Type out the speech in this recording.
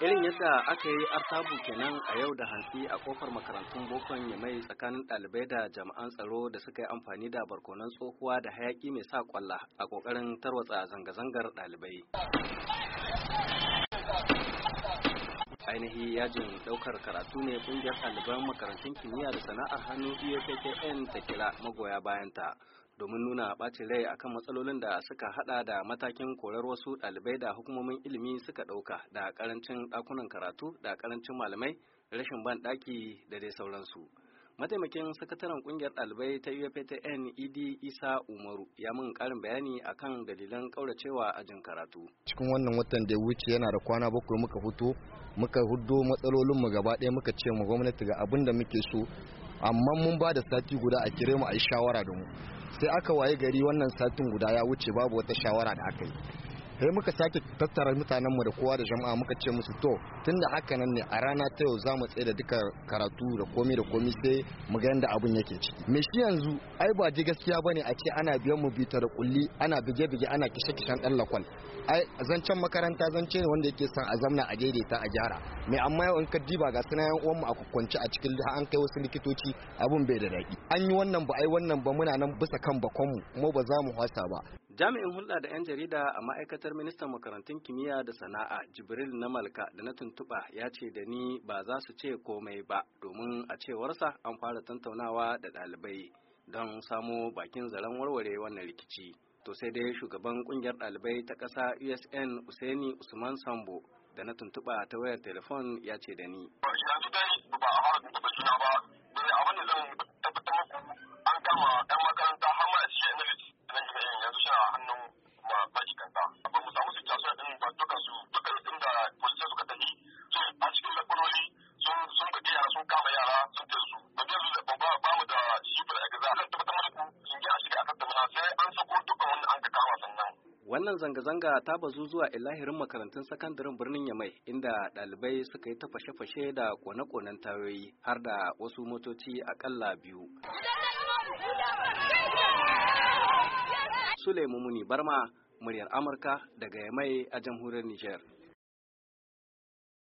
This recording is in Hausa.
irin yadda aka yi artabu kenan a yau da hantsi a kofar makarantun bokon ya mai tsakanin ɗalibai da jama'an tsaro da suka yi amfani da barkonan tsohuwa da hayaki mai sa kwalla a ƙoƙarin tarwatsa zanga-zangar ɗalibai ainihi yajin ɗaukar karatu ne ƙungiyar ɗaliban makarantun kimiyya da sana'ar hannu EFKN ta kira magoya bayanta domin nuna ɓacin rai akan matsalolin da suka hada da matakin korar wasu ɗalibai da hukumomin ilimi suka ɗauka da karancin ɗakunan karatu da karancin malamai rashin ban ɗaki da dai sauransu mataimakin sakataren ƙungiyar ɗalibai ta uftn ed isa umaru ya min karin bayani akan dalilan ƙauracewa ajin karatu cikin wannan watan da ya wuce yana da kwana bakwai muka fito muka hudo matsalolinmu gaba ɗaya muka ce ma gwamnati ga abin da muke so amma mun ba da sati guda a kire mu a yi shawara da mu sai aka waye gari wannan satin guda ya wuce babu wata shawara da aka yi sai muka sake tattara mutanen mu da kowa da jama'a muka ce musu to tun da haka nan ne a rana ta yau za mu tsaye da duka karatu da komai da komai sai mu ga yadda abun yake ciki me shi yanzu ai ba ji gaskiya bane a ce ana biyan mu bita da kulli ana bige bige ana kishe kishen dan lakwal ai zancen makaranta zance ne wanda yake son a zamna a daidaita a gyara me amma yau in ka diba ga suna yan mu a kwance a cikin an kai wasu likitoci abin bai da daɗi an yi wannan ba ai wannan ba muna nan bisa kan bakon mu kuma ba za mu hwasa ba Jami'in hulɗa da 'yan jarida a ma'aikatar ministan makarantun kimiyya da sana'a Jibril na Malka da na tuntuɓa ya ce da ni ba za su ce komai ba domin a cewarsa an fara tantaunawa da ɗalibai don samo bakin zaren warware wannan rikici. To sai dai shugaban ƙungiyar ɗalibai ta ƙasa USN Usaini Usman Sambo da na tuntuɓa ta wayar telefon ya ce da ni. Ba Wannan zanga-zanga ta bazu zuwa ilahirin makarantun sakandaren birnin Yamai inda ɗalibai suka yi ta fashe-fashe da kone-konen tayoyi har da wasu motoci akalla biyu. Sule Mumuni Barma, muryar Amurka daga Yamai a jamhuriyar Nijar.